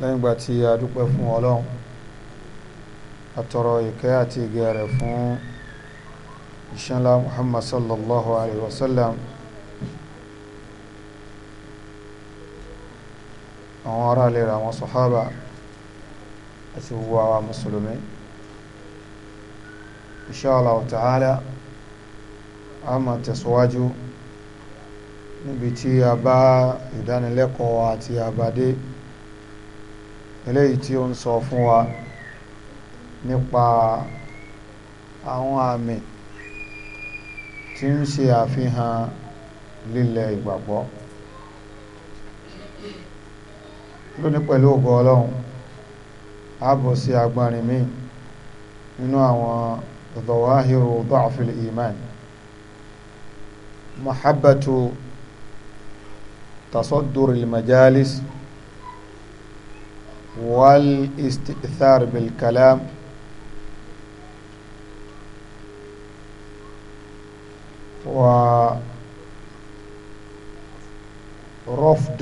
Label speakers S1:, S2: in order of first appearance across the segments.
S1: lẹ́yìn ìgbà tí a dúpẹ́ fún ọlọ́run àtọ̀rọ̀ ìkẹ́ àti ìgẹ́ rẹ̀ fún ìṣẹ́lá muhammad sallallahu alaihi wasallam àwọn ará lè ra àwọn sọ̀hábà àti gbogbo àwọn mùsùlùmí inshallah ta'ala a máa tẹ̀síwájú níbi tí a bá ìdánilẹ́kọ̀ọ́ àti àbádé eléyìí tí ó ń sọ fún wa nípa àwọn àmì tí ń ṣe àfihàn lílẹ̀ ìgbàgbọ́ lónìí pẹ̀lú ògo ọlọ́run ààbò sí agbárin míì nínú àwọn dhawahiru dha'fil iman mahabbatu tasaddur majalis والاستئثار بالكلام ورفض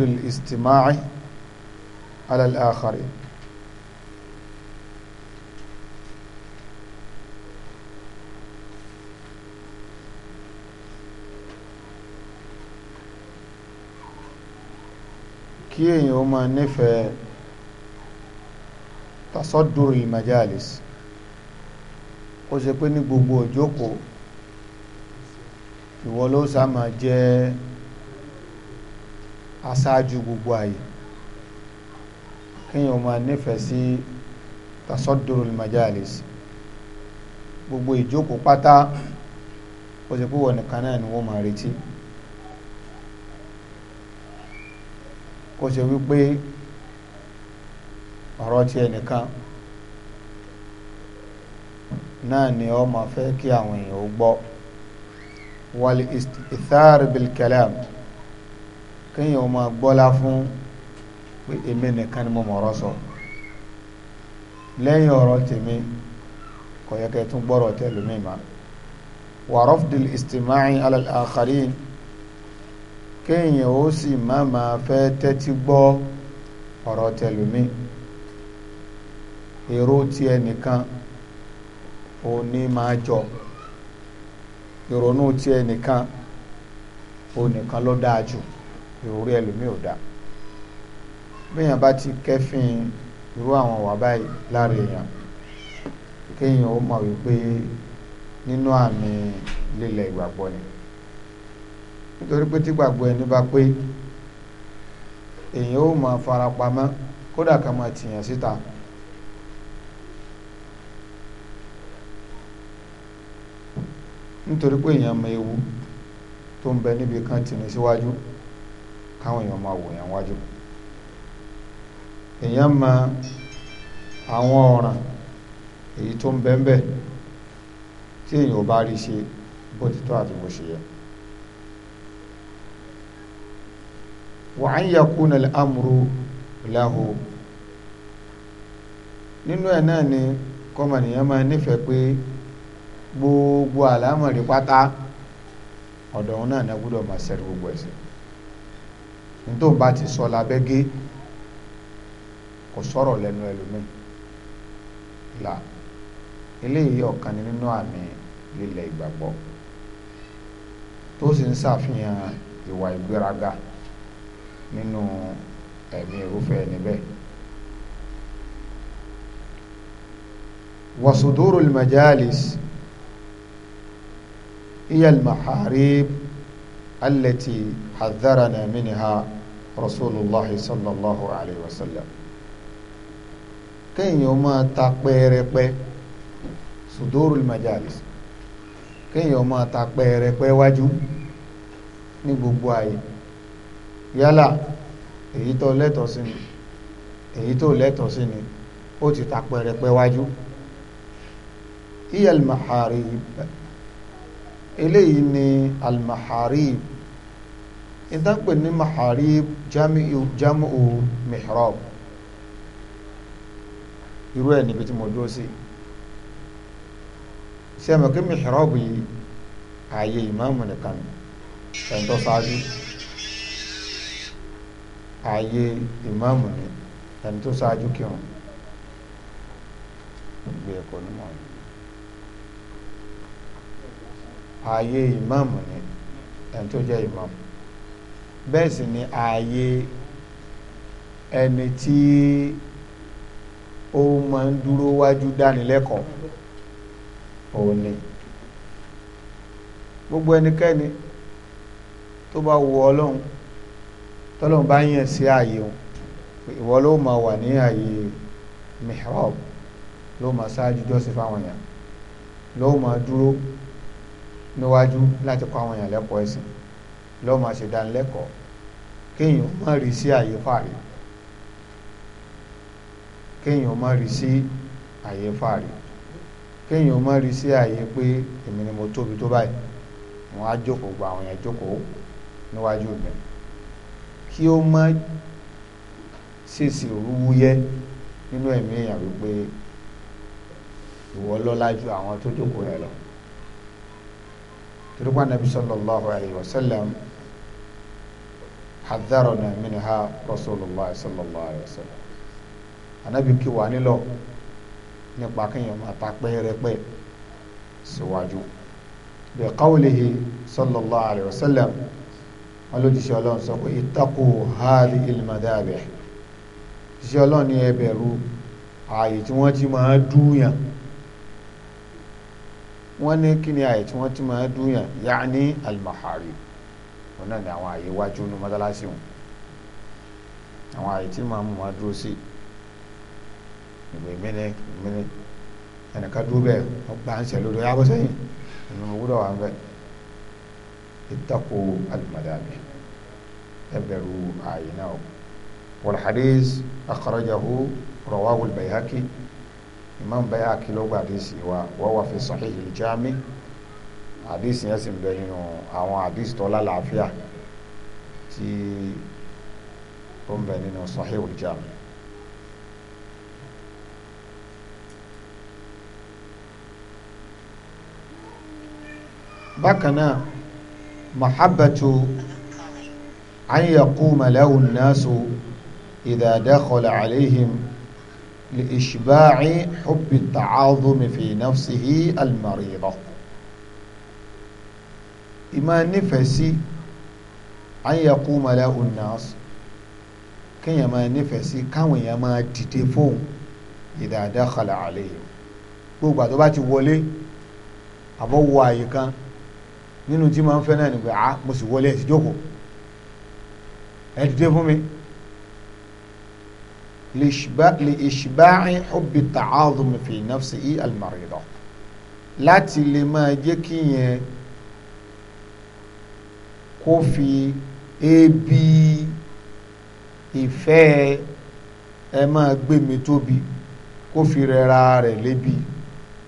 S1: الاستماع على الآخرين كي يوم ó tasọ́dúró ìmàjáàlìs ó ṣe pé ní gbogbo òjókòó ìwọ ló sáàmà jẹ́ aṣáájú gbogbo àyè kíyàn máa nífẹ̀ẹ́ sí tasọ́dúró ìmàjáàlìs gbogbo ìjókòó pátá ó ṣe pé wọ́n nìkan náà ni wọ́n máa retí kó ṣe wípé ọ̀rọ̀ tí ẹnìkan náà ni ọ máa fẹ́ kí àwọn èèyàn ó gbọ́ wal ithar bil kalam kéèyàn ó máa gbọ́lá fún pé èmi nìkan ni mo mọ̀rọ̀ sọ lẹ́yìn ọ̀rọ̀ tèmi kò yẹ kẹ́ tún gbọ́rọ̀ tẹ́lùmí ma wa rafdil istima'i kéèyàn ó sì má máa fẹ́ tẹ́tí gbọ́ ọ̀rọ̀ tẹ̀lùmí èrò ti ẹnìkan òní máa jọ ìrònú ti ẹnìkan ònìkan ló dáa jù ìròrí ẹlòmíì ò dáa bẹ́ẹ̀yàn bá ti kẹ́fìn irú àwọn wà báyìí lára èèyàn kéèyàn ó mọ̀ wípé nínú àmì lílẹ̀ ìgbàgbọ́ ni nítorí pé tí gbàgbọ́ ẹni bá pé èèyàn ó máa farapamọ́ kódà ká máa tìyàn síta. Si nítorí pé èèyàn mọ ewu tó ń bẹ níbi kan tìǹ síwájú káwọn èèyàn máa wò yàn wájú èèyàn mọ àwọn ọ̀ràn èyí tó ń bẹ ń tí èèyàn ò bá rí ṣe bó ti tọ́ àti bó ṣe yẹ. wa an yakuna al-amru lahu nínú ẹ̀ náà ni kọ́mọnìyàn máa nífẹ̀ẹ́ pé gbogbo àlámọ̀rí pátá ọ̀dọ̀ òun náà gbọ́dọ̀ máa ṣẹ́rí gbogbo ẹ̀sìn nítorí bá ti sọ lábẹ́gé kò sọ̀rọ̀ lẹ́nu ẹlòmíì là eléyìí ọ̀kan nínú àmì lílẹ̀ ìgbàgbọ́ tó sì ń ṣàfihàn ìwà ìgbéraga nínú ẹ̀mí irúfẹ́ ẹni bẹ́ẹ̀. wàsùdúrù majalis hiya al-maharib allati hadharana minha rasulullah sallallahu alayhi wa sallam kéèyàn máa ta pẹ́ẹ́rẹ́pẹ́ sudurul majalis kéèyàn máa ta pẹ́ẹ́rẹ́pẹ́ wájú ní gbogbo ààyè yálà èyí tó lẹ́tọ̀ọ́ sí ni èyí tó lẹ́tọ̀ọ́ sí ni ó ti ta pẹ́ẹ́rẹ́pẹ́ wájú iyal maharib eléyìí ni almaharib ìdánpẹ̀ ní maharib jamu mihrab irú ẹ̀ níbi tí mo dúró sí sẹ́mi kí mihrab yìí ààyè ìmáàmù nìkan ẹni tó ṣáájú ààyè ìmáàmù ni ẹni tó ṣáájú kírun gbé ẹ̀kọ́ ní mọ́ọ̀lù ààyè ìmáàmù ni ẹni tó jẹ́ ìmáàmù bẹ́ẹ̀ sì ni ààyè ẹni tí ó máa ń dúró wájú dánilẹ́kọ̀ọ́ òun ni gbogbo ẹnikẹ́ni tó bá wù ọlọ́run tọ́lọ́run bá yàn sí ààyè òun ìwọ ló máa wà ní ààyè mihrab ló máa ṣáájú jọ́sí fáwọn èèyàn ló máa dúró níwájú láti kọ́ àwọn èèyàn lẹ́kọ̀ọ́ ẹ̀sìn lọ́ọ́ máa ṣe dánilẹ́kọ̀ọ́ kéèyàn má rí sí àyè fàárí kéèyàn má rí sí àyè fàárí kéèyàn má rí sí àyè pé èmi ni mo tóbi tó báyìí wọn á jókòó gba àwọn èèyàn jókòó níwájú mi kí ó má ṣèṣì rúwúyẹ́ nínú ẹ̀mí èèyàn wípé ìwọ lọ́lá ju àwọn tó jókòó yẹn lọ turugba nabi sallallahu alayhi wa sallam hadarona minha rasulillah sallallahu alayhi wa sallam anabi kí wa nílọ nípa kéèyàn máa ta pẹ́ẹ́rẹ́pẹ́ síwájú bi qawlihi sallallahu alayhi wa sallam wọn ló jíṣẹ́ ọlọ́run sọ pé ittaqu hadhihi al-madabih jíṣẹ́ ọlọ́run ní ẹ bẹ̀rù ààyè tí wọ́n ti máa dúyàn wọ́n ní kí ni àyè tí wọ́n ti máa dúnyàn yaani alimahari wọn náà ní àwọn àyè iwájú ní mọ́tálásí wọn àwọn àyè tí màá mú máa dúró sí ìwé mímí mímí ẹnìkan dúró bẹ́ẹ̀ wọ́n ń sẹ́ lórí yàgò sẹ́yìn ìnú wúlò wà ń bẹ́ẹ̀ ìtàkù alimadami ẹ àyè náà wal hadith akhrajahu rawahu al-Bayhaqi imam bayhaqi ló gba àdìsí wa wa wà fi sahih al-jami àdìsí yẹn sì ń bẹ nínú àwọn àdìsí tó lálàáfíà tí ó ń bẹ nínú sahih al-jami. bákan náà mahabbatu an yaquma lahu an-nasu idha لإشباع حب التعاظم في نفسه المريضة إما نفسي أن يقوم له الناس كان يما نفسي كان يما تتفون إذا دخل عليهم. gbogbo àti ọba ti wọlé àbọ̀ wọ àyè kan nínú tí máa ń fẹ́ náà nígbà á lèṣibáì hubbi ta'adhum fi nafsihi al-marida láti lè máa jẹ́ kí yẹn kó fi ebi ìfẹ́ ẹ máa gbé mi tóbi kó fi rẹra rẹ̀ lébi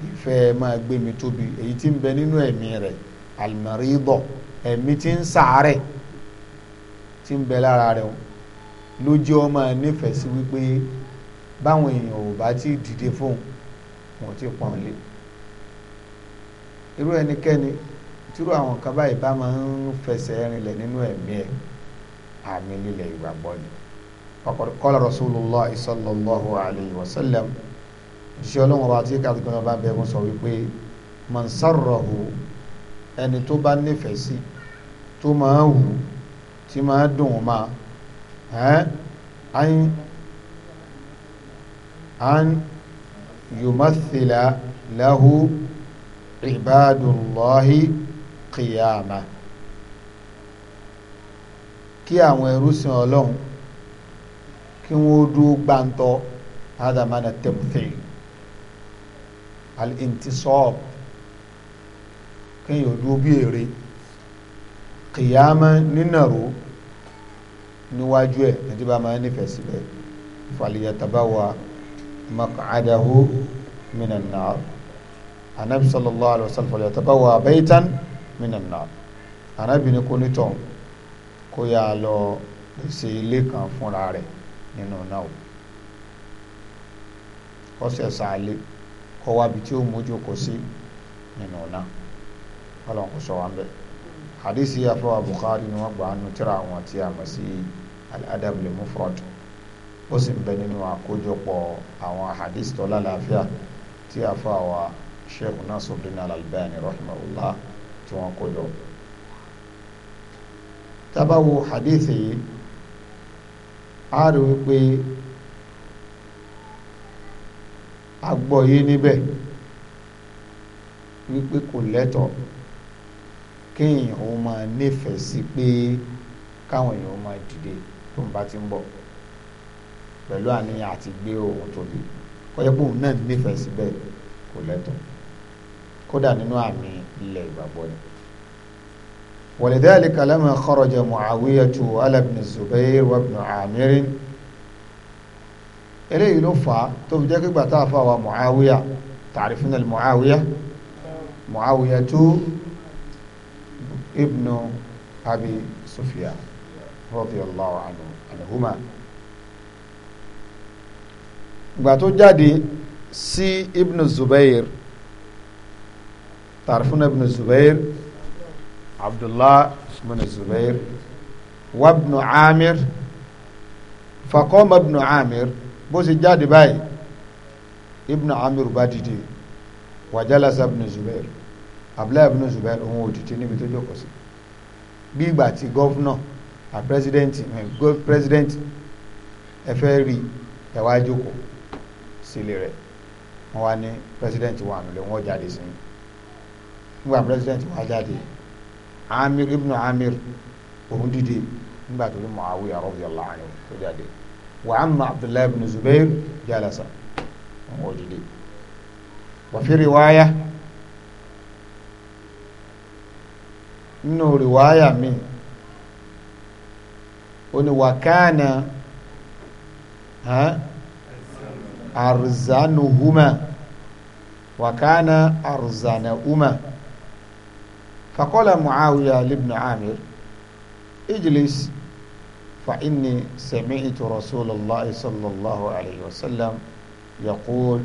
S1: ìfẹ́ ẹ máa gbé mi tóbi èyí tí ń bẹ nínú ẹ̀mí rẹ̀ al ẹ̀mí tí ń ṣàárẹ̀ tí ń bẹ lára rẹ̀ o lójú ọmọ nífẹ̀ẹ́ sí wípé báwọn èèyàn ò bá ti dìde fóun wọn ti pọ̀n lé irú ẹnikẹ́ni tírú àwọn nǹkan báyìí bá máa ń fẹsẹ̀ rinlẹ̀ nínú ẹ̀mí ẹ̀ àmì lílẹ̀ ìgbàgbọ́ ni qala rasulullah sallallahu alayhi wa sallam ṣé ọlọ́run ọba tí kàdúgbò náà bá bẹ̀rù sọ wípé man ẹni tó bá nífẹ̀ẹ́ sí tó máa wù tí máa dùn máa. ها أن يمثل له عباد الله قيامة قيام ويرسم الله كي ودوك بانتو هذا معنى التمثيل الانتصاب كي يدوك بيري قياما ننرو níwájú ẹ̀ ẹtí bá máa nífẹ̀ẹ́ síbẹ̀ falyatabawa maq'adahu minan nar anabi sallallahu alayhi wa sallam falyatabawa baytan minan nar anabi ní kò ní tọ̀ kó yà á lọ pèsè ilé kan fúnra rẹ̀ nínú náà kọ́sẹ̀ sàálẹ̀ kọ́ wábi tí ó mójú kò sí nínú náà kọ́lọ́n kò sọ wá ń hadisi afọwà Bukhari ni wọ́n gbà á nu tíra a mọ̀ sí yìí al-adab al-mufrad ó sì ń bẹ nínú àkójọpọ̀ àwọn hadith tó lálàáfíà tí a fọ àwa sheikh Nasruddin al-Albani rahimahullah tí wọ́n kó jọ tabawo hadith yìí a rí wípé agbọ́ yìí níbẹ̀ wípé kò lẹ́tọ̀ kéèyàn ó máa nífẹ̀ẹ́ sí pé káwọn èèyàn máa dìde tó ń bá ti ń bọ̀ pẹ̀lú àníyàn àti gbé ohun tóbi kọ́yẹ́ pé òun náà nífẹ̀ẹ́ síbẹ̀ kò lẹ́tọ̀ọ́ kódà nínú àmì ilẹ̀ ìgbàgbọ́ ni. ولذلك لما خرج معاوية على ابن الزبير وابن عامر eléyìí ló fà á tó fi jẹ́ kí gbàtà fà wá muawiya tàrífínà muawiya muawiya ibnu abi sufyan radiyallahu الله ìgbà tó jáde sí ibn zubair tarfuna ibn zubair abdullah ibn zubair wa ibn amir fakọ́mọ ibn amir bó ṣe jáde báyìí ibn amir bá dìde wàjálàsá ibn zubair abdullahi ibn zubair òun ò dìde níbi tó jókòó sí bí ìgbà gọ́fúnà a president eh, go president ẹ fẹ́ rí ẹ wá jókòó sílé rẹ̀ wọ́n wá ní president wa nílé wọ́n jáde sí nígbà president wa jáde amir ibn amir òun dìde nígbà tó ní muawiya radiyallahu anhu tó jáde wa amma abdullahi ibn zubair jalasa wọ́n dìde wa fi riwaya nínú riwaya míì. ó وكان ها arzanuhuma wàkánà arzanahuma faqala muawiya libn amir ijlis فإني سمعت رسول الله صلى الله عليه وسلم يقول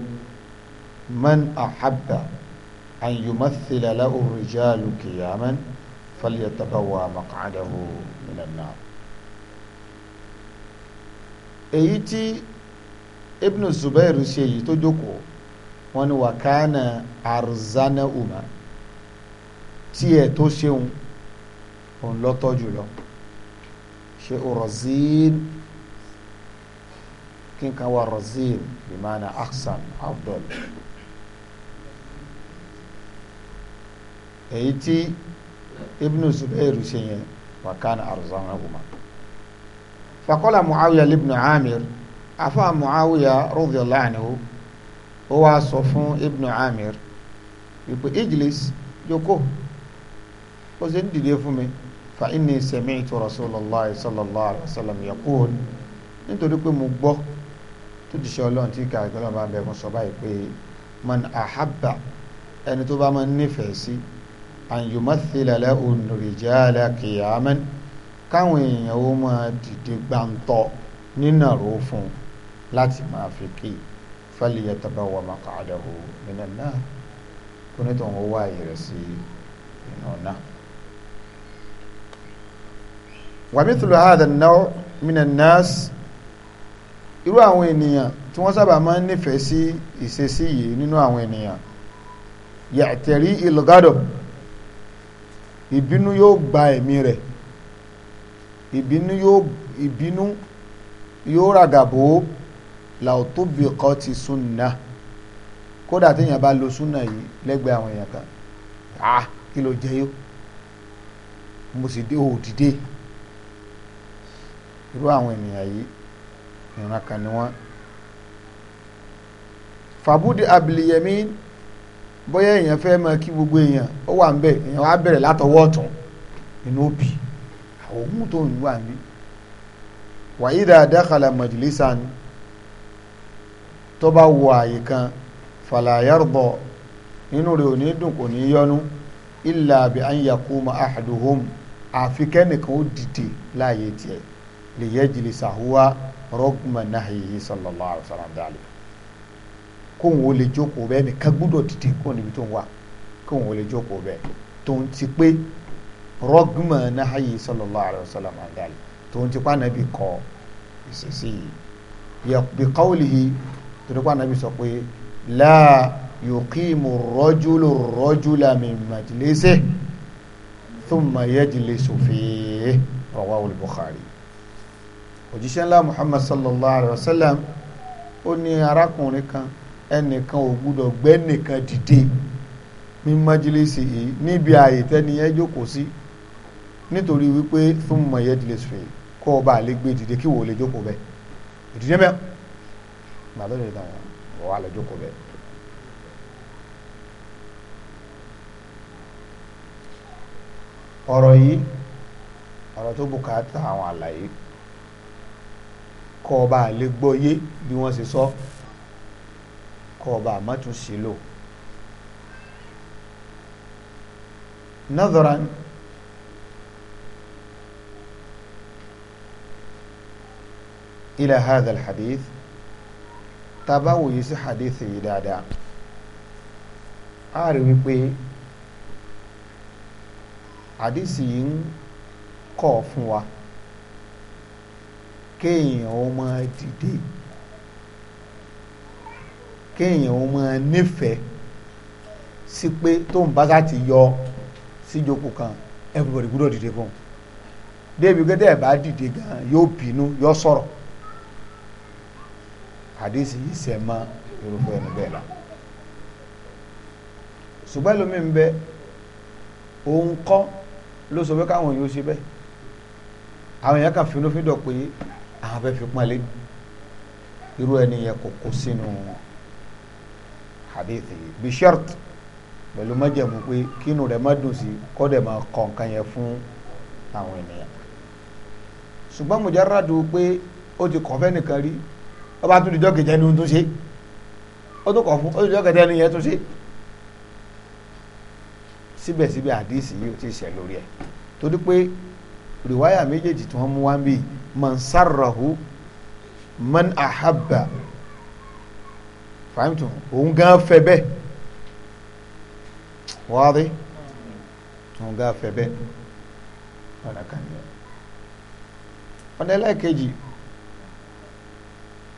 S1: من أحب أن يمثل له الرجال قياما فليتبوى مقعده من النار èyí tí ibn zubair ṣe yìí tó jókòó wọn ni wakana arzana uma tiẹ̀ tó ṣeun òun lọ́tọ́ jùlọ ṣe orozin kí n kan wá rozin bimana aksan abdul èyí tí ibn zubair ṣe yẹn wakana arzana uma faqala muawiya ibn amir afa muawiya radiyallahu anhu ó wá sọ fún ibn amir wípé ijlis jókòó ó sì ń dìde fún mi fa inni sami'tu rasulullah sallallahu alaihi wa sallam yaqul nítorí pé mo gbọ́ tó ti ṣe ọlọ́run tí kàrí ọlọ́run bá bẹ̀rù sọ báyìí pé man ahabba ẹni tó bá máa ń nífẹ̀ẹ́ sí an yumaththila lahu rijala qiyaman káwọn èèyàn ó máa dìde gbàǹtọ̀ nínàró fún un láti máa fi kí falyatabawwa maq'adahu minan nar kó nítorí wọn wá àyè rẹ̀ sí iná náà. wa mithlu hadha an-naw' minan nas irú àwọn ènìyàn tí wọ́n sábà máa ń nífẹ̀ẹ́ sí ìṣesí yìí nínú àwọn ènìyàn ya'tari il ìbínú yóò gba ẹ̀mí rẹ̀ ìbínú yóò ìbínú yóò ràgàbó làótóbìkọ́ ti súnà kódà téèyàn bá lo súnà yìí lẹ́gbẹ̀ẹ́ àwọn èèyàn kan ah kí ló jẹ́ yó mo sì dé òdìdé irú àwọn ènìyàn yìí ìran kan ni wọ́n fàbúdì abiliyẹmí bóyá èèyàn fẹ́ mọ kí gbogbo èèyàn ó wà ń bẹ̀ èèyàn á bẹ̀rẹ̀ látọwọ́ ọ̀tún inú òbí òun tó ń wà ní wàyí dáadáa kàlà majlisan tó bá wọ àyè kan fàlàyàrbọ nínú rẹ̀ ò ní dùn kò ní yọnu ilà bí an yakuma ahaduhum àfi kẹ́nìkan ó dìde láàyè tiẹ̀ lè yẹ jìlì sàhúwá rọgùnmọ̀ náà yìí sallallahu alaihi wasallam dàlẹ́ ó lè jókòó bẹ́ẹ̀ nìkan gbúdọ̀ dìde kóun níbi tó ń wà kóun ó lè jókòó bẹ́ẹ̀ tó ń ti pé rọgùmọ̀ náhàyè sallallahu alaihi wasallam àdáyé tó ń tipa nàbì kọ ìṣesí yìí bí qawlihi tó tipa nàbì sọ pé la yuqimu rajulu rajula min majlisihi thumma yajlisu fihi rawahu al-Bukhari òjíṣẹ́ ńlá Muhammad sallallahu alaihi wasallam ó ní arákùnrin kan ẹnìkan ò gbúdọ̀ gbẹ́nìkan dìde min majlisihi níbi àyè tẹ́niyẹ́ jókòó sí. Si nítorí wípé fún mọ̀ yẹ́ dìlẹ̀ sùn kọ́ ọba àlẹ́ gbé dìde kí wò lè jókòó bẹ́ẹ̀ ìdílé bẹ́ẹ̀ bàbá mi nà wà lè jókòó bẹ́ẹ̀. ọ̀rọ̀ yìí ọ̀rọ̀ tó bùkátà àwọn àlàyé kọ́ ọba àlẹ́ yé bí wọ́n ṣe sọ kọ́ ọba àmọ́tún sí lò. nọ́dọ̀rán. إلى هذا الحديث tàbá wòye sí hadith yìí dáadáa a rí wípé كين yìí ń kọ́ fún wa kéèyàn ó máa nífẹ̀ẹ́ sí pé tó ń bá sá ti yọ síjókòó kan everybody gbúdọ̀ dìde fún un débi gẹ́gẹ́ bá dìde gan yóò bínú yóò sọ̀rọ̀ hadith yìí sẹ̀ mọ́ irúfẹ́ ẹni bẹ́ẹ̀ lọ ṣùgbọ́n lómi ń bẹ òun kọ́ ló sọ pé káwọn yóò ṣe bẹ́ẹ̀ àwọn èèyàn kan finúfíndọ̀ pé àwọn fẹ́ fi pọ́n lé irú ẹni yẹn kò kó sínú hadith yìí bí shart pẹ̀lú májẹ̀mú pé kínú rẹ̀ má dùn sí kọ́ dẹ̀ máa kọ nǹkan yẹn fún àwọn ènìyàn ṣùgbọ́n mujarradu pé ti kọ́ fẹ́ ọba tún ìjọ kejì ẹni tó ṣe ó tó kọ̀ fún ó ìjọ kejì ẹni yẹn tó ṣe síbẹ̀síbẹ̀ àdéhìsì yìí ó ti ṣẹ̀ lórí ẹ̀ torí pé rìwáyà méjèèjì tí wọ́n mú wá ń bí man sarrahu man ahabba fahimtu òun gan fẹ́ bẹ́ẹ̀ wáàdí òun gan fẹ́ bẹ́ẹ̀ ọ̀nà kan ní ọ̀nà ẹlẹ́ẹ̀kejì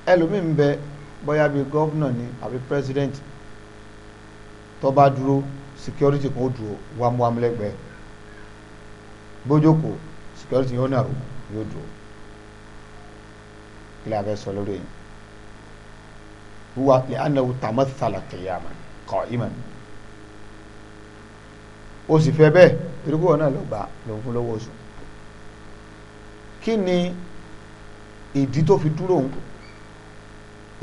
S1: ẹlòmíì ń bẹ bóyá bíi gọ́vnà ni àbí president tó dúró security kan ó dúró wámúwámú lẹ́gbẹ̀ẹ́ bójókòó security yóò nàró yóò dúró ilé abẹ́ sọ lórí yìí wúwa lè anáwó tàmátàlà kìyàmà kọ́ ìmọ̀ o sì fẹ́ bẹ́ẹ̀ irúgbó náà ló gbà ló fún lówó oṣù kí ni ìdí tó fi dúró òun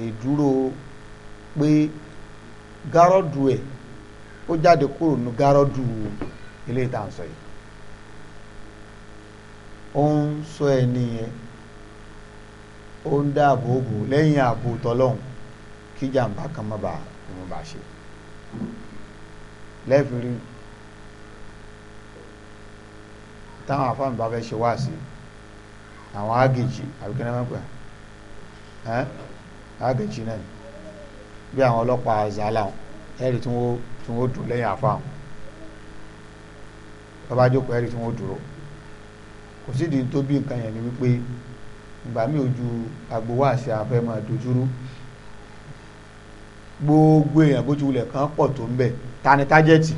S1: ìdúró pé gárọ́dù ẹ̀ ó jáde kúrò ní gárọ́dù ilé ìtànsọ yìí ó ń sọ ẹ nìyẹn ó ń dáàbò bò lẹ́yìn ààbò tọ́lọ́hún kí jàǹbá kan má bàa má bàa ṣe lẹ́fìrí táwọn afáàmì bá fẹ́ ṣe wá sí àwọn ágèjì àbíkẹ́ náà má pè é àgèjì náà bí àwọn ọlọ́pàá zala wọn ẹ̀rí tí wọ́n tí wọ́n dùn lẹ́yìn àfa wọn bàbá jókòó ẹ̀rí tí wọ́n dúró kò sídìí tó bí nǹkan yẹn ni wípé ìgbà mi ojú agbowáàsí afẹ́ máa dojúrú gbogbo èèyàn bójú wulẹ̀ kan pọ̀ tó ń bẹ̀ ta ni tájẹ́tì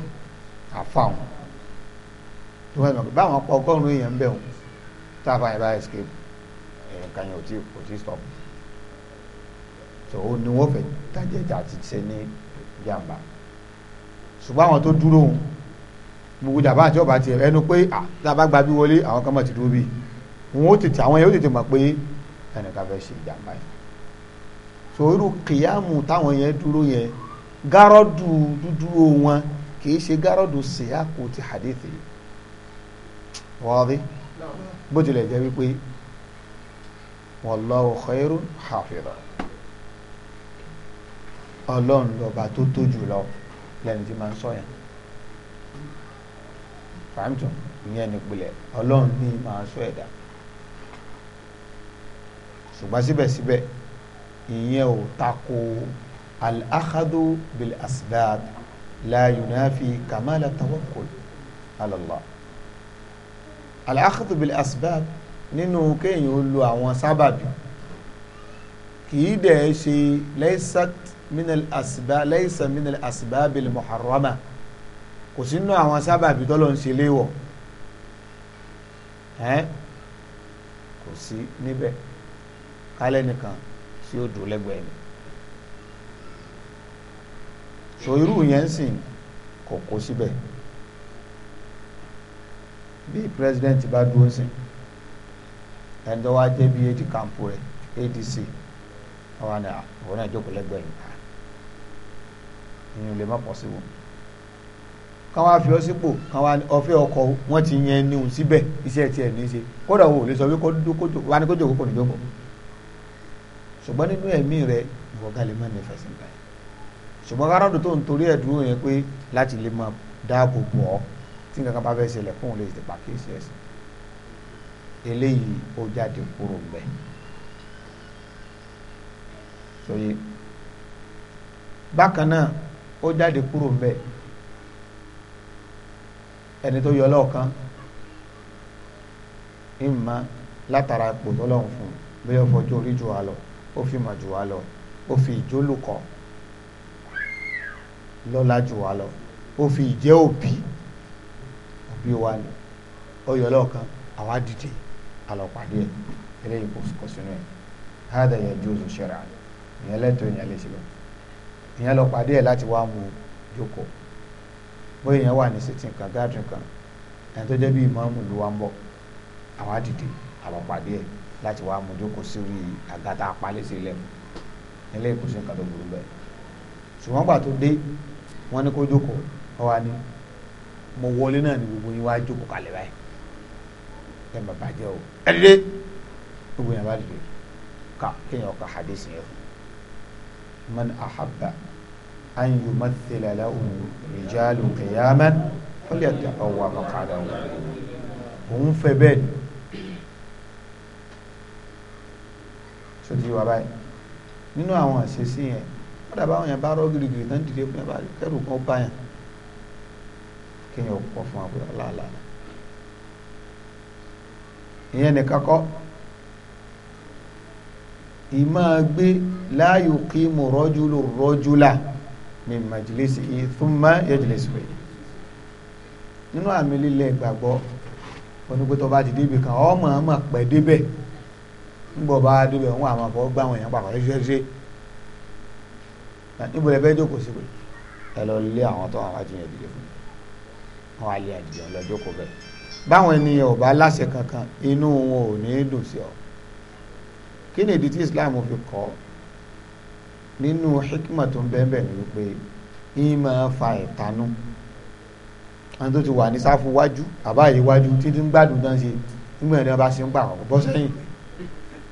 S1: àfa wọn tó wọ́n mọ̀ pé báwọn ọkọ̀ ọgọ́rùn-ún èèyàn ń bẹ̀ wọn tá a fa yẹn escape ẹ̀yìn kan yẹn ò tí ò tí so ó ní wọ́n fẹ́ tàjẹ̀jà ti ṣe ní jàmbá ṣùgbọ́n àwọn tó dúró òun gbogbo jàmbá àti ọba tiẹ̀ ẹnu pé àtàbá gba bí wọlé àwọn kan mọ̀ ti dúró bí wọn ó tètè àwọn yẹn ó tètè mọ̀ pé ẹnìkan fẹ́ ṣe jàmbá yìí so kìyàmù táwọn yẹn dúró yẹn gárọ́dù dúdúró wọn kì ṣe gárọ́dù síyákò ti hadith yìí wọ́n bó tilẹ̀ jẹ́ wípé wallahu khairun hafiza ọlọ́run lọ́ba tó tó jù lọ lẹ́nu tí máa ń sọ̀yàn fàmìtò ìyẹn nípìnlẹ̀ ọlọ́run ní máa sọ ẹ̀dá ṣùgbọ́n síbẹ̀síbẹ̀ ìyẹn ò tako al-akhadu bil asbab la yunafi kamala tawakkul ala Allah al-akhadu bil asbab nínú kéèyàn ó lo àwọn sábàbí kì í dẹ̀ ṣe laysat من asibá ليس من الأسباب المحرمة. muharrama kò sí nínú àwọn sábàbí tọ́lọ̀ ń ṣe léwọ̀ ẹ́n kò sí níbẹ̀ kálẹ̀ nìkan sí odò lẹ́gbẹ̀ẹ́ mi so irú yẹn sìn kò kó síbẹ̀ bí president bá dúró sìn ẹni tó wá jẹ́ bí ad camp rẹ̀ adc àwọn náà jókòó lẹ́gbẹ̀ẹ́ mi ìyẹn ò lè má possible kan wá fi ọ sípò kan wá ọfẹ ọkọ wọn ti yẹn níhun síbẹ̀ iṣẹ́ tiẹ̀ ní í ṣe kódà wo lè sọ pé kódókódò wà ní kódò kókò níjókòó ṣùgbọ́n nínú ẹ̀mí rẹ ìwọ̀gá lè má ní ìfẹsẹ̀ nígbà yẹn ṣùgbọ́n kárọ̀dù tó ń torí ẹ̀ dúró yẹn pé láti lè máa dáàbò bò ọ́ tí nǹkan kan bá fẹ́ ṣẹlẹ̀ fún òun bákan náà ó jáde kúrò ń bẹ ẹni tó yọ lọ́ọ̀kan ìmọ̀ látara ipò tó lọ́hùn fún bí ó fọjú orí jù wá lọ ó fi mọ̀ jù wá lọ ó fi ìjólùkọ́ lọ́lá jù wá lọ ó fi ìjẹ́ òbí òbí wa ni ó yọ lọ́ọ̀kan àwa dìde àlọ́pàdé ẹ̀ eléyìí kò sínú ẹ̀ hádà yẹ jùzù ṣẹ̀rà ìyẹn lẹ́tọ̀ọ́ ìyẹn lè ṣe bẹ́ẹ̀ ìyẹn lọ pàdé ẹ̀ láti wá mú jókòó bóyá ìyẹn wà ní sitting kan gathering kan ẹni tó jẹ́ bí ìmọ̀ọ́mù ló wá ń bọ̀ àwa dìde àwọn pàdé ẹ̀ láti wá mú jókòó sórí àgàtà apálẹ̀ sí ilẹ̀ ìkùnsẹ̀ kan tó burú bẹ́ẹ̀ ṣùgbọ́n gbà tó dé wọ́n ní kó jókòó ọ wá ní mo wọlé náà ní gbogbo yín wá jókòó kalẹ̀ báyìí ẹ̀ bàbá jẹ́ o ẹ̀ dìde gbogbo yẹn bá dìde ká kéèyàn ọkọ̀ hadith yẹn fún من أحب أن يمثل له رجال قياما فليتبوأ مقعده هم fẹ́ bẹ́ẹ̀ ni sọtí wa báyìí nínú àwọn àṣeṣe yẹn wọ́n dàbá àwọn yẹn bá rọ́ girigiri tán dìde fún yẹn bá kẹ́rù kan bá yẹn kéèyàn kọ́ fún àbúrò aláàlá ìyẹn nìkan ìmọ̀ gbé la yuqimu rajulu rajula min majlisihi thumma yajlisu ilayhi nínú àmì lílẹ̀ ìgbàgbọ́ onígbótọ́ bá ti débi kan ọmọ ọmọ pẹ́ débẹ̀ ńgbọ́ bá débẹ̀ wọn àwọn àbọ̀ gbá àwọn èèyàn pàpà ṣẹṣẹ níbo lẹ fẹ́ jókòó sí pé ẹ lọ lé àwọn tó àwọn àti yẹn dìde fún mi àwọn àlè àdìyàn lọ jókòó bẹ́ẹ̀ báwọn ènìyàn ò bá láṣẹ kankan inú wọn ò ní dùn sí ọ kí ni ìdí tí islam fi kọ́ nínú hikma tó ń bẹ́ẹ̀ ni wípé yín máa fa ìtanú àwọn tó ti wà ní sáfù wájú àbá ìwájú títí ń gbádùn tán ṣe nígbà yẹn bá ṣe ń pa àwọn bọ́ sẹ́yìn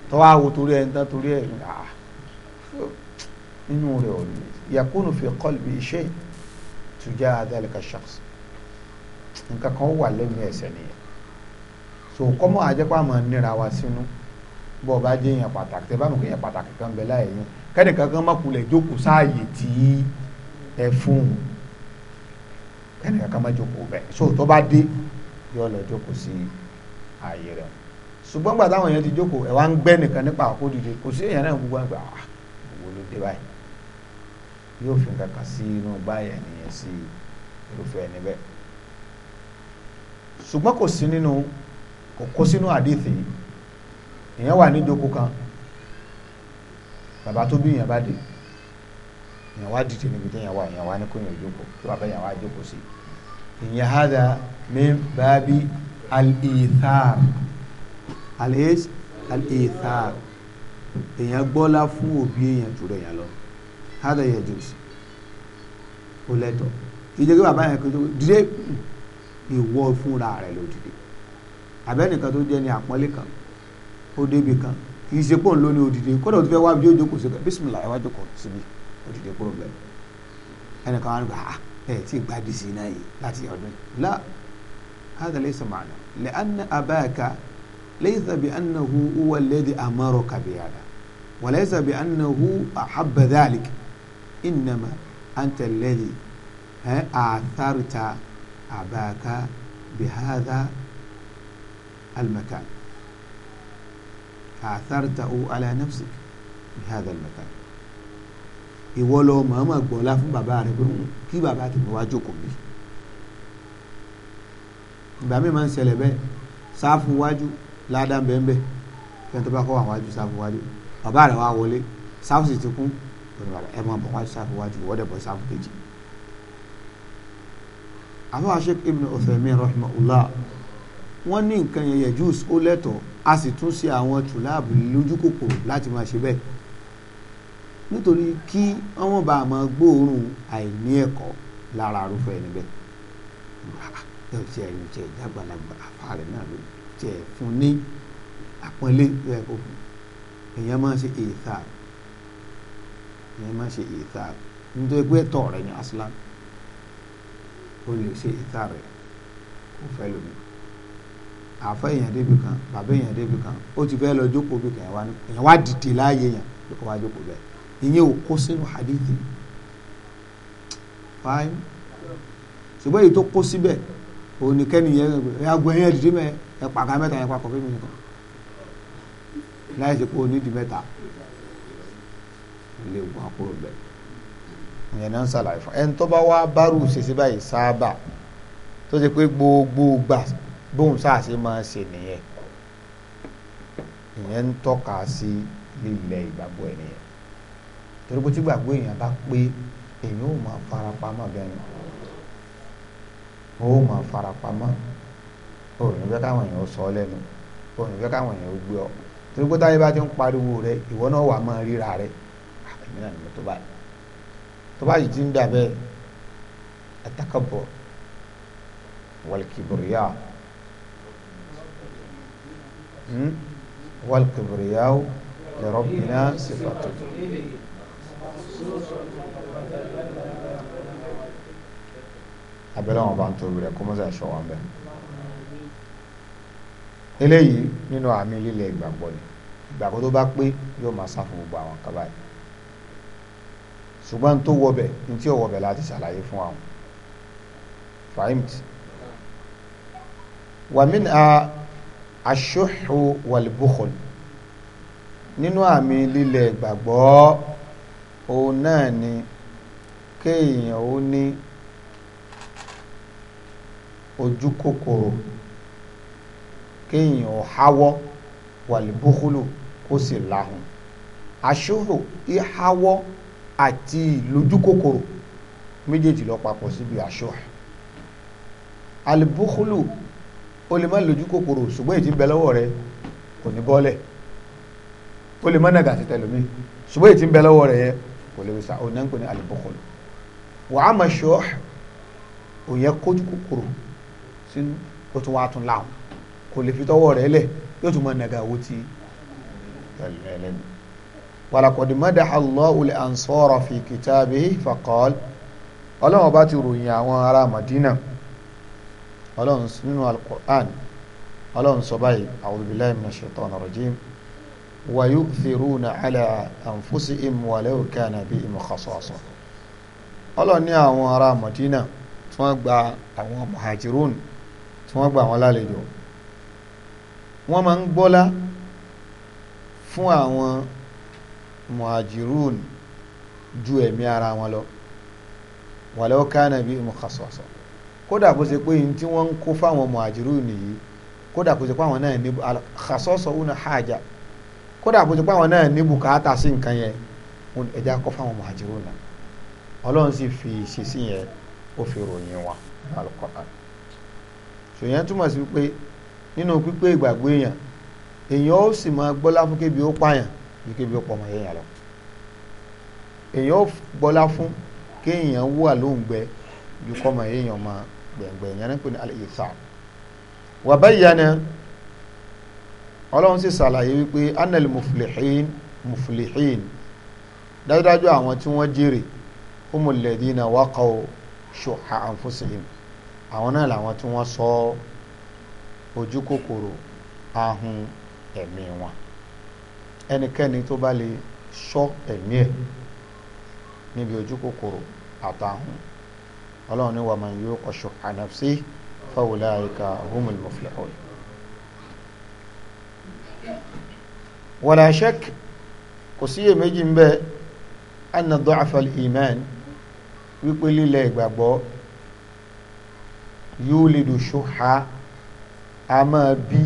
S1: tó wá wo torí ẹni tán torí ẹ̀ nínú rẹ̀ ò ní yakunu fi qalbi shay tujá dhalika shakhs nǹkan kan wà lẹ́nu ẹ̀sẹ̀ nìyẹn so kọ́mọ́ àjẹpá máa nira wa sínú. Si bọ́ ọ bá jẹ́ èèyàn pàtàkì tẹ́ bá mọ̀ pé èèyàn pàtàkì kan bẹ láàyè yín kẹ́ni kankan má kulẹ̀ jókòó sáàyè tí ẹ fún un kẹ́ni kankan má jókòó bẹ́ẹ̀ so tó bá dé yóò lọ jókòó sí ààyè rẹ̀ ṣùgbọ́n gbà táwọn èèyàn ti jókòó ẹ̀ wá ń gbẹ́ nìkan nípa àkókò dìde kò sí èèyàn náà gbogbo àgbà òwò ah, ló dé báyìí yóò fi nǹkan sí inú báyìí ẹnìyẹn sí irúfẹ́ ẹni bẹ́ẹ̀ ṣùgbọ́n kò sí nínú kò kó sínú àdìsí èèyàn wà ní ìjókòó kan bàbá tó bí èèyàn bá dé èèyàn wá dìde níbi téèyàn wà èèyàn wá ní kóyàn ìjókòó tó bá bẹ́ẹ̀ yàn wá jókòó sí ìyẹn hádà min bábí al-ithar al-is al-ithar èèyàn gbọ́lá fún òbí èèyàn jùlọ èèyàn lọ hádà yẹ jù sí ó lẹ́tọ̀ ìjẹ́gbẹ́ bàbá yẹn kejì dìde ìwọ fúnra rẹ̀ ló dìde àbẹ́nìkan tó jẹ́ ní àpọ́nlé kan ó kan kì ṣe pọ̀ ń lónìí òdìdè kódà ó fẹ́ wá bí yóò jókòó síbi bísímìlà ìwájú kò síbi òdìdé problem ẹnìkan wọn gbà á ẹ tí ì gbádìí sí náà yìí láti ọdún la hada laysa ma'na li anna abaka laysa bi annahu huwa alladhi amaraka bi hada wa laysa bi annahu ahabba dhalik innama anta alladhi atharta abaka bi hadha المكان àtàrtàwò aláìnẹ́fṣì bihadal mẹ́tàlì ìwọ lọ mọ̀ọ́mọ̀ gbọ́lá fún bàbá rẹ pé kí bàbá tèmi wá jókòó bí ìgbà mi máa ń ṣẹlẹ̀ bẹ́ẹ̀ sáfù wájú ládàá bẹ́ẹ̀ kẹ́ni tó bá kọ́ àwọn wájú sáfù wájú bàbá rẹ wá wọlé sáfù sì ti kún ẹ máa bọ̀ wájú sáfù wájú wọ́n bọ̀ sáfù kejì. àwọn Sheikh Ibn Uthaymin rahimahullah wọ́n ní nǹkan yẹn yẹ jùs ó lẹ́tọ̀ọ́ a sì tún ṣe àwọn tùláàbù lójú kòkòrò láti máa ṣe bẹ́ẹ̀ nítorí kí wọ́n bá máa gbóòórùn àìní ẹ̀kọ́ lára arúfẹ́ ẹni bẹ́ẹ̀ yóò tiẹ̀ yóò tiẹ̀ jágbàlagbà àfààrẹ̀ náà ló tiẹ̀ fún ní àpọ́nlé ẹ̀kọ́ fún èèyàn máa ṣe èèta èèyàn máa ṣe èèta nítorí pé ẹ̀tọ́ rẹ̀ ni aslan ó lè ṣe èèta rẹ̀ kò fẹ́ lómi àfọ èèyàn débi kan bàbá èèyàn débi kan ó ti fẹ́ lọ jókòó bí kan èèyàn wá dìde láàyè yẹn ló wá jókòó bẹ́ẹ̀ ìyẹn ò kó sínú hadithi fáyín ṣùgbọ́n èyí tó kó síbẹ̀ òun ni kẹ́ni yẹn ẹ̀yàgbọ́ ẹ̀yẹn dìde mẹ́ ẹ pàgà mẹ́ta yẹn papọ̀ fún mi nìkan láì ṣe pé onídìí mẹ́ta lè wọ́n kúrò bẹ́ẹ̀ ìyẹn náà ń ṣàlàyé fún ẹni tó bá wá bárù ṣe báyìí sábà tó ṣe pé gbogbo gbà bóun sáàsì máa ṣe nìyẹn ìyẹn ń tọ́ka sí lílẹ̀ ìgbàgbọ́ ènìyàn torí bó ti gbàgbọ́ èèyàn bá pé èèyàn ò máa fara pamọ́ bẹ́ẹ̀ ó máa fara pamọ́ òun fẹ́ káwọn èèyàn sọ ọ́ lẹ́nu òun fẹ́ káwọn èèyàn gbé ọ torí pé táyé bá ti ń pariwo rẹ ìwọ náà wà máa ríra rẹ àmì náà ni mo tó báyìí tó bá yìí ti ń dà bẹ́ẹ̀ atakabọ̀ wal kibriya. والكبرياء لربنا صفته abẹ́lẹ́ wọn bá ń tóbi rẹ̀ kó mọ́sá ẹ̀ṣọ́ wọn bẹ́ẹ̀ eléyìí nínú àmì lílẹ̀ ìgbàgbọ́ ni ìgbàgbọ́ tó bá pé yóò máa sá fún gbogbo àwọn kaba yìí ṣùgbọ́n tó wọbẹ̀ ní tí ò wọbẹ̀ láti ṣàlàyé fún àwọn fahimti wàmínà aṣọ́hù wàlúbùkọ̀lù nínú àmì lílẹ̀ ìgbàgbọ́ òun náà ni kéèyàn ó ní ojú kòkòrò kéèyàn ó háwọ́ wàlúbùkọ̀lù kó sì láhùn aṣọ́hù ìháwọ́ àti ìlójú kòkòrò méjèèjì lọ papọ̀ síbi aṣọ́hù alùbùkọ̀lù o lè má lójú kòkòrò ṣùgbọ́n èyí tí bẹ lọ́wọ́ rẹ kò ní bọ́lẹ̀ o lè má nàgà sí tẹlomi ṣùgbọ́n èyí tí bẹ lọ́wọ́ rẹ yẹ kò lè sa òun náà ń pè ní alìbọ̀kọlù wà á máa ṣọ́ òyìn kójú kòkòrò sínú o tún wá tún láwọn kò lè fi tọwọ́ rẹ lẹ̀ yóò tún máa nàgà owó ti ẹlẹ́nu. ولقد مدح الله الأنصار في كتابه فقال ọlọ́run bá ti ròyìn àwọn ará Madina ọlọ́run nínú alukur'an ọlọ́run sọ báyìí a'udhu billahi minash shaitani rajim wa yu'thiruna ala anfusihim walau kana bihim khasasa ọlọ́run ní àwọn ará Madina tí wọ́n gba àwọn muhajirun tí wọ́n gba àwọn lálejò wọ́n máa ń gbọ́lá fún àwọn muhajirun ju ẹ̀mí ara wọn lọ walau kana bihim khasasa kódà kó ṣe pé yìí tí wọ́n ń kó fáwọn mọ̀hàjírù nìyí kódà kó ṣe pé àwọn náà ní àkàsọ́sọ una haja kódà pé àwọn náà ní sí nǹkan yẹn ẹja kó fáwọn náà ọlọ́run sì fi ìṣesí yẹn ó fi ròyìn wa alukọ́ta ṣòyẹn túmọ̀ sí pé nínú pípé ìgbàgbọ́ èèyàn èèyàn ó sì máa gbọ́lá fún kébi ó pààyàn ju kébi ó lọ èèyàn ó gbọ́lá gbẹ̀ngbẹ̀ yẹn ń pè ní al-ithar wa bayyana ọlọ́run sì ṣàlàyé wípé anal muflihin muflihin dájúdájú àwọn tí wọ́n jèrè humul ladina waqaw shuhha anfusihim àwọn náà làwọn tí wọ́n sọ ojú kòkòrò ahun ẹ̀mí wọn ẹnikẹ́ni tó bá lè sọ ẹ̀mí ẹ̀ níbi ojú kòkòrò àtàhùn ọlọ́run ní wa man yuqa shuhha nafsihi fa ulaika humul muflihun. wala shak kò síyè méjì ń bẹ anna du'afa al-iman wípé lílẹ̀ ìgbàgbọ́ yulidu shuhha a máa bí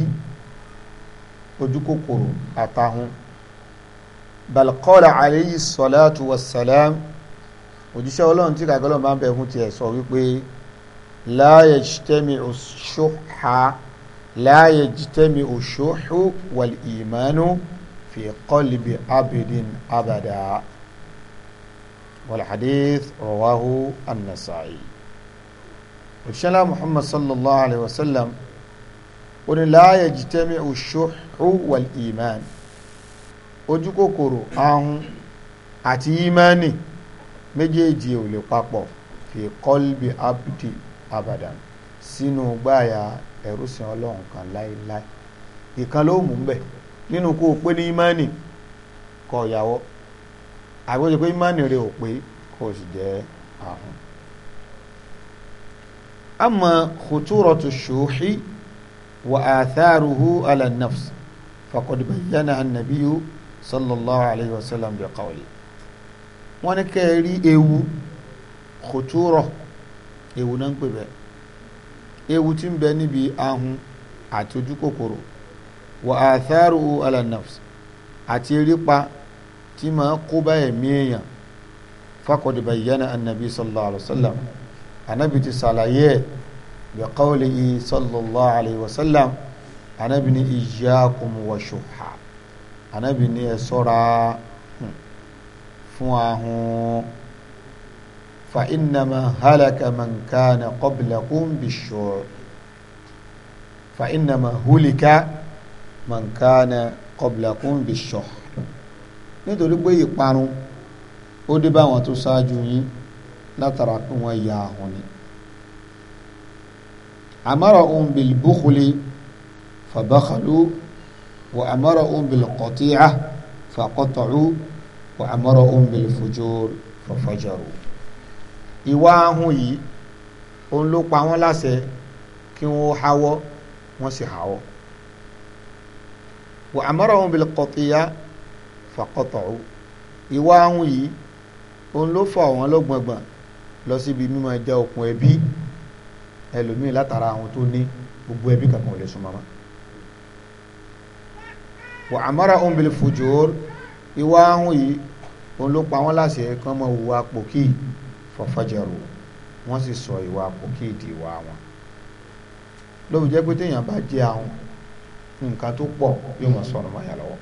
S1: ojúkòkòrò àtàhùn bal qala alayhi salatu òjíṣẹ́ ọlọ́run tí kàkẹ́ ọlọ́run bá ń bẹ fún tiẹ̀ sọ wípé láàyè jítẹ́mi òṣòha láàyè jítẹ́mi òṣòho wàl ìmánú fi qalbi abidin abada wal hadith rawahu an-nasa'i òṣìṣẹ́lá muhammad sallallahu alayhi wa sallam ó ní láàyè jítẹ́mi òṣòho wàl ìmánú ojú ahun àti ìmánì méjèèjì ò lè papọ̀ fi kọ́lbi abdi abadan sínú gbáàyà ẹ̀rúsìn ọlọ́run kan láéláé ìkan ló mú bẹ̀ nínú kó o pé ní imani kọ ìyàwó àgbẹ̀jọ pé imani rẹ ò pé kó o sì jẹ́ àhún. ama khuturatu shuhi wa atharuhu ala nafs faqad bayyana an-nabiyyu sallallahu alayhi wa sallam bi qawli wọ́n ní kẹ́ ẹ rí ewu kòtúrọ̀ ewu náà ń pè bẹ́ẹ̀ ewu tí ń bẹ níbi ahun àti ojú kòkòrò wà àtharu alanafs àti erípa tí máa kó bá ẹ̀mí èèyàn faqad anabi sallallahu alayhi wa sallam anabi ti ṣàlàyé ẹ̀ bi qawlihi sallallahu alayhi wa sallam anabi ni iyyakum wa shuhha anabi ni ẹ ṣọ́ra fún ahun fa innama halaka man kana qablakum bishur fa innama hulika man kana qablakum bishur nítorí pé ìparun ó dé báwọn tó ṣáájú yín látara pé wọ́n ya ahun ni amarahum bilbukhli fabakhalu wa amarahum bilqati'ah faqata'u wa amarahum bil fujur fa fajaru ìwà ahun yìí òun ló pa wọ́n láṣẹ kí wọ́n hawọ́ wọ́n sì hawọ́ wa amarahum bil qatiya fa qata'u ìwà ahun yìí òun ló fà wọ́n lọ́gbọ̀ngbọ̀n lọ síbi mímọ ẹja òkun ẹbí ẹlòmíì látara àwọn tó ní gbogbo ẹbí kankan ò lè súnmọ́ mọ́ wa amarahum bil fujur ìwà ahun yìí òun ló pa wọ́n láṣẹ kán mọ ìwà pòkì fọfọjẹrò wọ́n sì sọ ìwà pòkì di ìwà wọn lóbi jẹ́ pé téèyàn bá jẹ́ ahun nǹkan tó pọ̀ yóò mọ̀ sọ̀rọ̀ mọ́ yà lọ́wọ́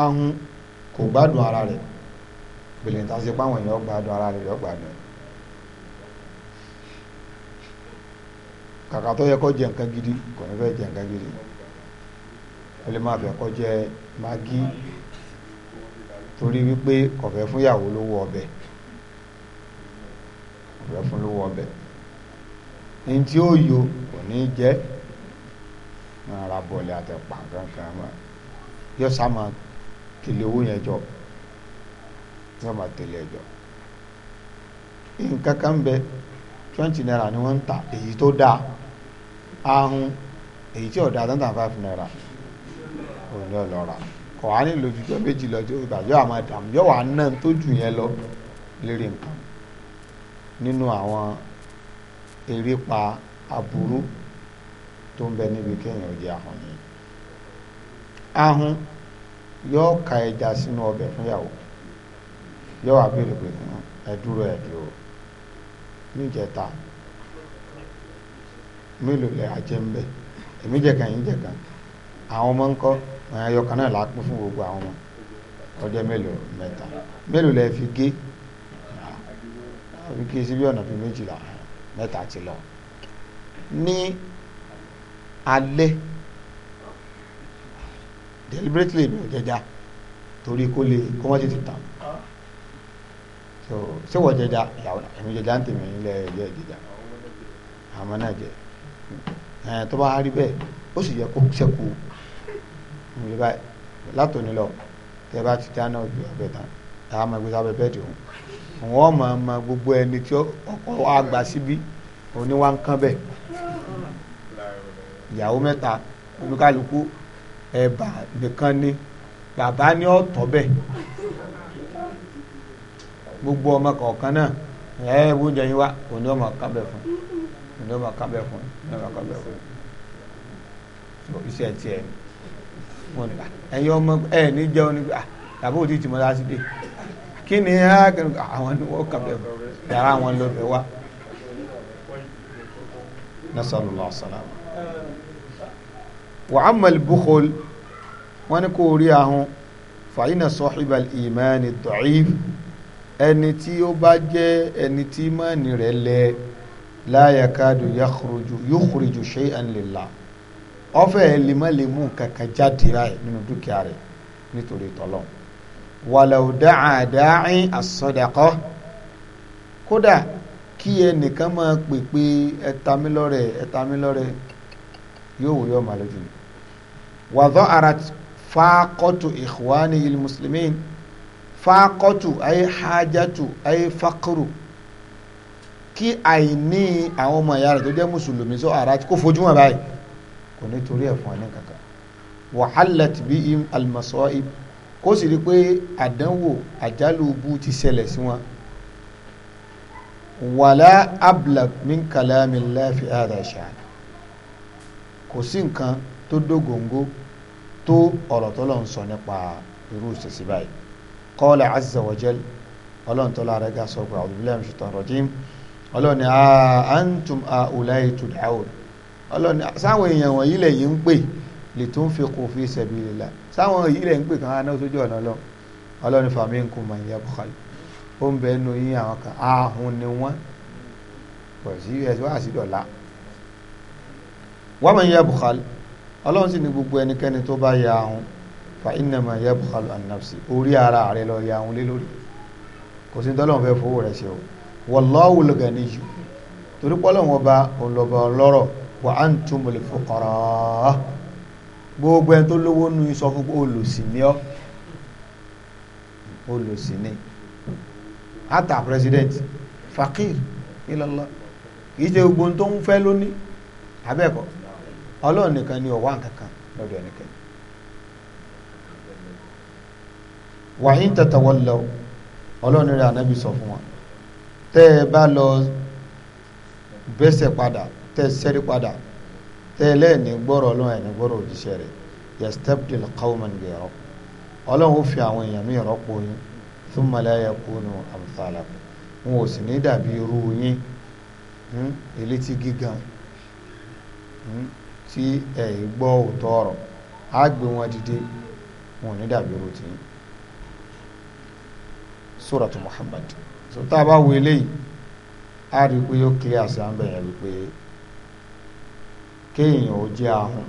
S1: ahun kò gbádùn ara rẹ̀ pèlè níta sí páwọn èèyàn gbádùn ara rẹ̀ lọ́gbàdùn kàkà tó yẹ kó jẹ nǹkan gidi kò ní fẹ́ jẹ nǹkan gidi ó lè má magi torí wípé kò fẹ́ fúnyàwó lówó ọbẹ̀ kò fẹ́ fún lówó ọbẹ̀ ní tí ó yọ kò ní jẹ́ máa ra bọ̀lẹ̀ àtẹ̀pà kankan mọ́ yóò sá máa tẹ̀lé owó yẹn jọ yóò máa tẹ̀lé ẹ nǹkan kan bẹ twenty naira ni wọ́n ń ta èyí tó dáa ahun èyí tí ò dáa five naira òní ọlọ́ra kọ̀ wá nílò ojújọ́ méjì lọ́jọ́ ìgbàjọ́ àmọ́ ẹ̀dàm yọ wà náà tó jù yẹn lọ lérí nǹkan nínú àwọn erépa aburú tó ń bẹ níbi kéèyàn jẹ ahọ́n yìí ahun yóò ka ẹja sínú ọbẹ̀ fúnyàwó yóò wá béèrè pé ẹdúró ẹdúró níjẹta mélòó lẹ ajẹ ń bẹ èmi jẹ yín jẹ àwọn ọmọ ń kọ́ ẹyọ kan náà la pín fún gbogbo àwọn ọmọ ọjọ́ mélòó mẹ́ta mélòó lẹ fi gé fi gé síbi ọ̀nà bíi méjìlá mẹ́ta ti lọ ní alẹ́ deliberately mi ò jẹjà torí kó lè kó wọ́n tètè tà so ṣé wọ́n jẹjà ìyàwó náà èmi jẹjà ń tèmi ilẹ̀ ẹ̀jẹ̀ jẹjà àmọ́ náà jẹ ẹ̀ tó bá rí bẹ́ẹ̀ ó sì yẹ kó ṣẹ́kù níbi báyìí látòní lọ tẹ bá ti dáná ojú ọbẹ tán tàá máa gbé sábẹ́ bẹ́ẹ̀dì òun òun ọmọ ọmọ gbogbo ẹni tí ọkọ wa gbà síbí òní wa ń kán bẹ ìyàwó mẹ́ta oníkálukú ẹ̀bà nìkan ni bàbá ní ọ̀tọ̀ bẹ gbogbo ọmọ kọ̀ọ̀kan náà ẹ ẹ wújọ yín wá òní ọmọ kan bẹ fún òní ọmọ kan bẹ fún òní wọn ni ah, ẹ̀yin ọmọ ẹ̀ ní jẹun ni ah, tàbí òtí tìmọ̀ láti dé kí ni ah, àwọn ni wọ́n kàn bẹ̀rù yàrá àwọn ló bẹ̀ wá. nasalu allah salam. wa amal bukhol wọn ni kò rí ahun fàyínà sọ́hìbàl ìmánì da'if ẹni tí ó bá jẹ́ ẹni tí ìmánì rẹ̀ lẹ̀ láyàkádù yóò kúrìjù shay'an lillah ọfẹ lemọlemọ kankan jáde rà nínú dúkìá rẹ̀ nítorí tọlọ wàlàó dáa dáa as-sadaqa kódà kí ẹnìkan máa pèpè ẹtamílọrẹ ẹtamílọrẹ yóò wò yóò máa lójú ni wàdọ ara fàákọtù ikhwani il muslimin fàákọtù ayé hajjatu ayé fàkúrù kí àìní àwọn ọmọ ìyá rẹ̀ tó jẹ́ mùsùlùmí sọ ara kó fojú wọn báyìí kò ní torí ẹ̀ fún ẹ ní kankan wàhálàt bí alimọ̀sọ́ kó sì rí pé àdánwò àjálù bú ti ṣẹlẹ̀ sí wọn wàlá ablag min kalami láfi àdàṣà kò sí nǹkan tó dógóńgó tó ọ̀rọ̀ tó lọ́n sọ nípa irú ìṣẹ̀sí báyìí qala azza wa jal ọlọ́run tó lára ga sọ pé a'udhu billahi minash shaitanir rajim ọlọ́run ni a antum a ulai tud'aun ọlọ́ni sáwọn èèyàn wọ̀nyí lẹ̀ yìí ń pè lè tó ń fi kò fi sabilillah sáwọn èyí lẹ̀ ń pè kàn án náà sójú ọ̀nà lọ ọlọ́ni faminkum man yabkhal ó ń bẹ nínú yín àwọn kan ahun ni wọ́n pọ̀ sí ẹ̀sìn wá sí dọ̀la wa man yabkhal ọlọ́run sì ní gbogbo ẹnikẹ́ni tó bá ya ahun fa innama yabkhalu an nafsi orí ara rẹ̀ lọ ya ahun lé lórí kò sí tọ́lọ́run torí pọ́lọ́run ọba òun ọlọ́rọ̀ wa antumul fuqara gbogbo ẹni tó lówó nu sọ fún olùsìn ni olùsìn ni ata president fakir ilọlọ kìí ṣe gbogbo tó ń fẹ́ lónìí abẹ́ẹ̀kọ́ ọlọ́run nìkan ni ọ̀wá kankan lọ́dọ̀ ẹnikẹ́ni wàyín tatawallaw ọlọ́run rẹ̀ sọ fún wa tẹ́ ẹ bá tẹ́ sẹ́rí padà tẹ́ lẹ́ẹ̀ni gbọ́rọ̀ ọlọ́run ẹ̀ni gbọ́rọ̀ òjíṣẹ́ rẹ̀ yastabdil qawman ghayrakum ọlọ́run ó fi àwọn èèyàn míì rọ́pò yín thumma la yakunu amthalakum wọn ò sì ní dàbí irú yín hmm? elétí gígan hmm? tí ẹ̀ gbọ́ òótọ́ ọ̀rọ̀ á gbé wọn dìde wọn ò ní dàbí irú tiyín suratu Muhammad so tá a bá wo eléyìí a rí i pé yóò clear sí à bẹ̀rẹ̀ wípé kéèyàn ó jẹ́ ahun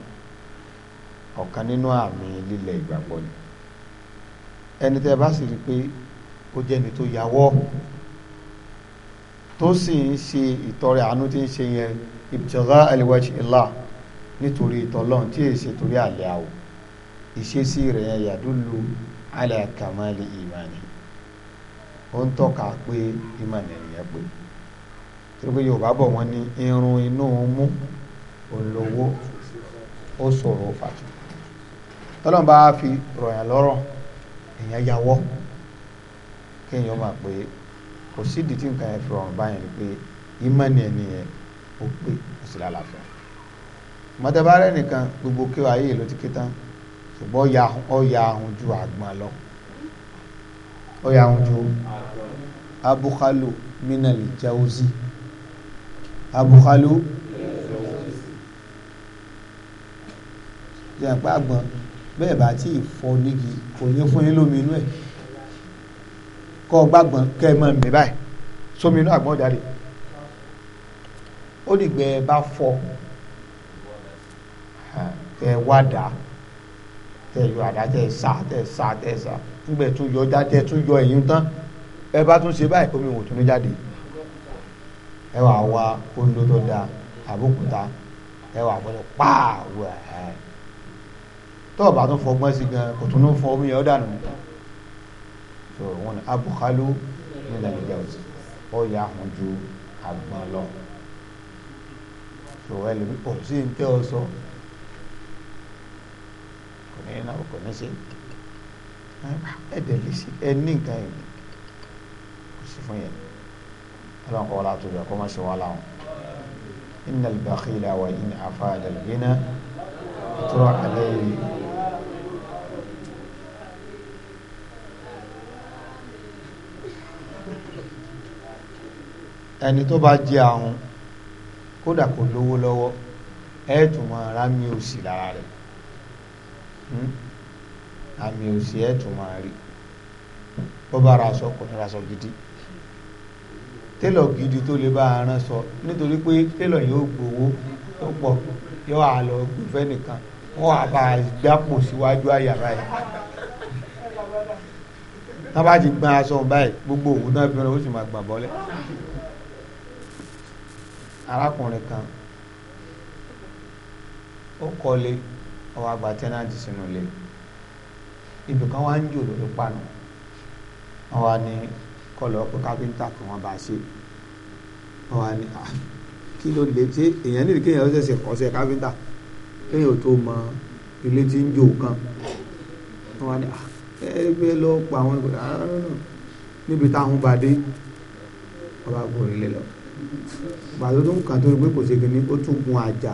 S1: ọ̀kan nínú àmì lílẹ̀ ìgbàgbọ́ ni ẹni tẹ́ bá sì rí pé ó jẹ́ tó yàwọ́ tó sì ń ṣe ìtọrẹ àánú tí ń ṣe yẹn ìbùjọ́gá ẹlẹ́wẹ̀jì ìlà nítorí ìtọ́lọ́n tí èyí ṣe torí àlẹ́ àwọ̀ ìṣesí rẹ̀ yẹn yàdúlù alẹ́ kàmáàlì ìmánì ó ń tọ́ka pé ìmánì ẹ̀yẹ pé torí pé Yorùbá bọ̀ wọ́n ní irun inú mú olówó ó ṣòro fà tọ́lọ́n bá fi rọ̀yàn lọ́rọ̀ èèyàn yàwọ́ kéèyàn máa pé kò sídìí tí nǹkan yẹn fi rọrùn báyìí ni pé ìmọ̀ni ẹni yẹn ó pé kò sí lálàáfíà mọ̀tẹ́bárẹ́ nìkan gbogbo kéwàá yìí ló ti ké tán ṣùgbọ́n ó ya ahun ju àgbọn lọ ó ya ahun ju abukalu minal jawzi abukalu. yẹn pa àgbọn bẹ́ẹ̀ bá tí ì fọ nígi kò ní fún yín lómi inú ẹ̀ kọ́ gbàgbọ́n kẹ́ ẹ mọ̀ mí báyìí sómi inú àgbọn jáde ó dìgbẹ́ ẹ bá fọ ẹ wá dà tẹ yọ àdá tẹ sá tẹ sá tẹ sá nígbà tún yọ já tún yọ ẹ̀yìn tán ẹ bá tún ṣe báyìí omi wò tún ní jáde ẹ wà wá kóńdó tó dáa àbókúta ẹ wà gbọ́dọ̀ pààwọ ẹ tó o bá tún fọgbọ́n sí gan kò tún ní fún omi yẹn ó dànù so wọn ni abukalu nílẹ̀ ìjà òsì ó yà hùn ju àgbọn lọ so ẹlòmí kò sí ní tẹ́ ọ sọ kò ní náà kò ní ṣe ẹ̀dẹ̀ lè ṣe ẹ ní nǹkan yẹn kò sí fún yẹn ọlọ́run kọ́ wọlé àtúbọ̀ kọ́ máa ṣe wàhálà wọn inna al-bakhila wa تروح عليه ẹni tó bá jẹ àwọn kódà kò lówó lọ́wọ́ ẹ tún máa ra mi ò sí lára rẹ̀ àmì hmm? ò sí ẹ tún máa rí bó bá ra aṣọ kò ní ra aṣọ gidi télọ̀ gidi tó lè bá aran sọ nítorí pé télọ̀ yóò gbowó tó pọ̀ yóò wà lọ gbẹfẹ nìkan wọn wà bá gbàpò síwájú àyàrá yìí wọn bá ti gbọn aṣọ báyìí gbogbo òun náà fi rẹ ó sì máa gbà bọ́lẹ̀ arákùnrin kan ó kọ́lé ọwọ́ àgbà tẹ́nàtì sínú ilé ibì kan wá ń jò lórí pàánù wọn wá ní kọlọ pé káfíńtà kí wọn bá ṣe wọn wá ní ah, kí ló lè ṣe èèyàn nílùú kéèyàn ó ṣẹ̀ṣẹ̀ kọ́ṣẹ́ káfíńtà kéèyàn ò tó mọ ilé tí ń jò kan wọn ni ah, ẹgbẹ́ lọ pa àwọn ẹgbẹ́ níbi táwọn bá dé ọba gbòòrè lé lọ gbàdó tó ń kàn tó gbé kò ṣe kínní ó tún gun àjà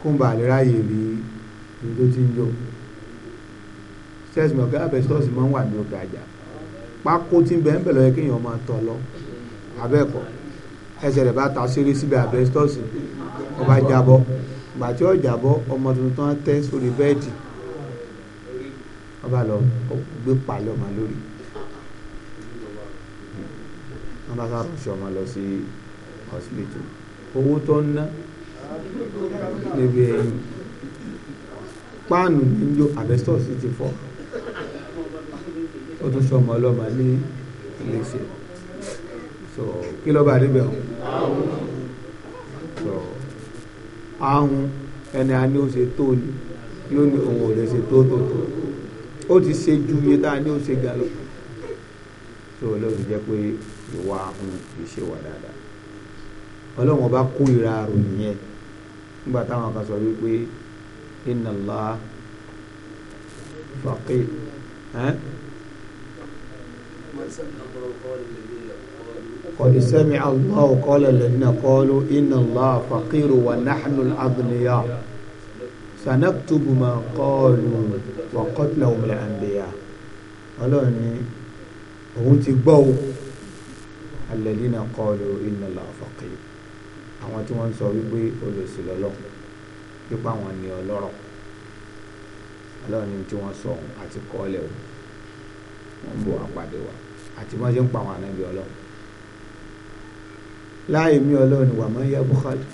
S1: kó ń bà lè ráyè rí ibi tó ti ń jò sẹ́sìmọ̀ kí abẹ́sítọ́ọ̀sì máa ń wà ní òkè àjà pákó tí ń bẹ́ẹ̀ ń bẹ̀ lọ́yẹ kéèyàn máa tọ̀ lọ abẹ́ẹ̀kọ́ ẹsẹ̀ rẹ̀ bá ta séré síbi asbestos ó bá jábọ́ ìgbà tí ó jábọ́ ọmọ tuntun tán tẹ́ sórí bẹ́ẹ̀dì ó bá lọ gbé palẹ̀ ọmọ lórí wọ́n bá sá ṣe ọmọ lọ sí hospital owó tó ń ná níbi ẹyin páànù níjó asbestos ti fọ́ ó tún ṣe ọmọ ọlọ́mọ ní iléeṣẹ́ so kí ló bá débẹ̀ o so ahun ẹni a ní ó ṣe tó ni yóò ní òun ò lè ṣe tó tó tó ó ti ṣe ju iye tá a ní ó ṣe ga lọ so olóòtú jẹ́ pé ìwà ahun kì í ṣe wà dáadáa ọlọ́run ọba kó ìra ròyìn yẹn nígbà táwọn kan sọ wípé inna Allah faqir. ها؟ قد سمع الله قال الذين قالوا إن الله فقير ونحن الأغنياء سنكتب ما قالوا وقتلهم الأنبياء Ọlọ́run ni òun ti gbọ́ o alladhina qalu inna Allaha faqir àwọn tí wọ́n ń sọ wípé olùsí lọ́lọ́ pípa àwọn ni ọlọ́rọ̀ Ọlọ́run ni tí wọ́n sọ àti kọ́ọ̀lẹ̀ o wọ́n ń àpàdé wa àti wọ́n ṣe ń pa àwọn ànábì Ọlọ́run láàyè mi ọlọ́run wà mọ́ yẹ bukhari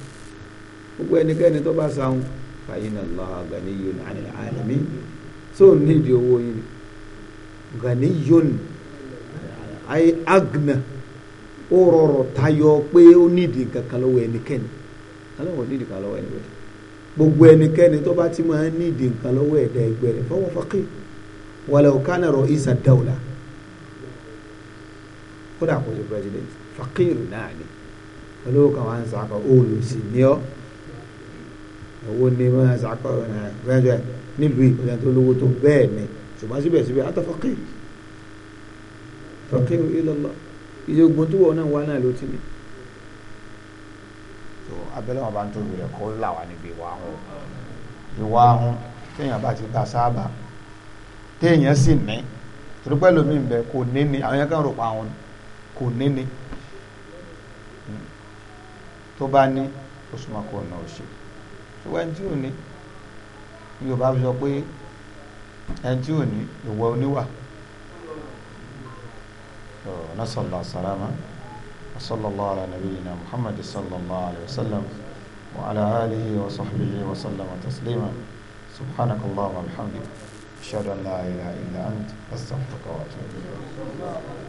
S1: gbogbo ẹnikẹ́ni tó bá sáwọn fàyínà Allaha ganiyyun 'anil 'alamin tó nídi owó yìí ganiyyun ayé agna ó rọrọ̀ tayọ pé ó nídi kankan lọ́wọ́ ẹnikẹ́ni aláwọ̀ nídi kan lọ́wọ́ ẹnikẹ́ni gbogbo ẹnikẹ́ni tó bá ti máa nídi nǹkan lọ́wọ́ ẹ̀dá ẹgbẹ́ rẹ̀ fọwọ́ fọ́kì walau kana ra'isa dawla kódà kò sí president faqir náà ni olówó kan wà ń sàkọ olùsì ní ọ owó ní mọ sàkọ rẹ nílùú ìpínlẹ̀ tó lówó ni ṣùgbọ́n síbẹ̀síbẹ̀ àtàfọkì fọkì ìlọlọ ìyógun tó wọ náà wà náà ló ti ní. tó abẹ́lẹ́ wọn bá ń tóbi rẹ̀ kó là wá níbi ìwà ahun ìwà ahun téèyàn bá ti bá sábà téèyàn sì ní tó bá ní ó súnmọ́ kó ọ̀nà òṣè ṣùgbọ́n ẹni tí ò ní yorùbá fi sọ pé ẹni tí ò ní ìwọ oníwà nasala salama sallallahu ala nabiyyina muhammad sallallahu alayhi wa sallam wa ala wa sahbihi wa sallama subhanakallah wa bihamdik ashhadu ilaha illa ant astaghfiruka wa atubu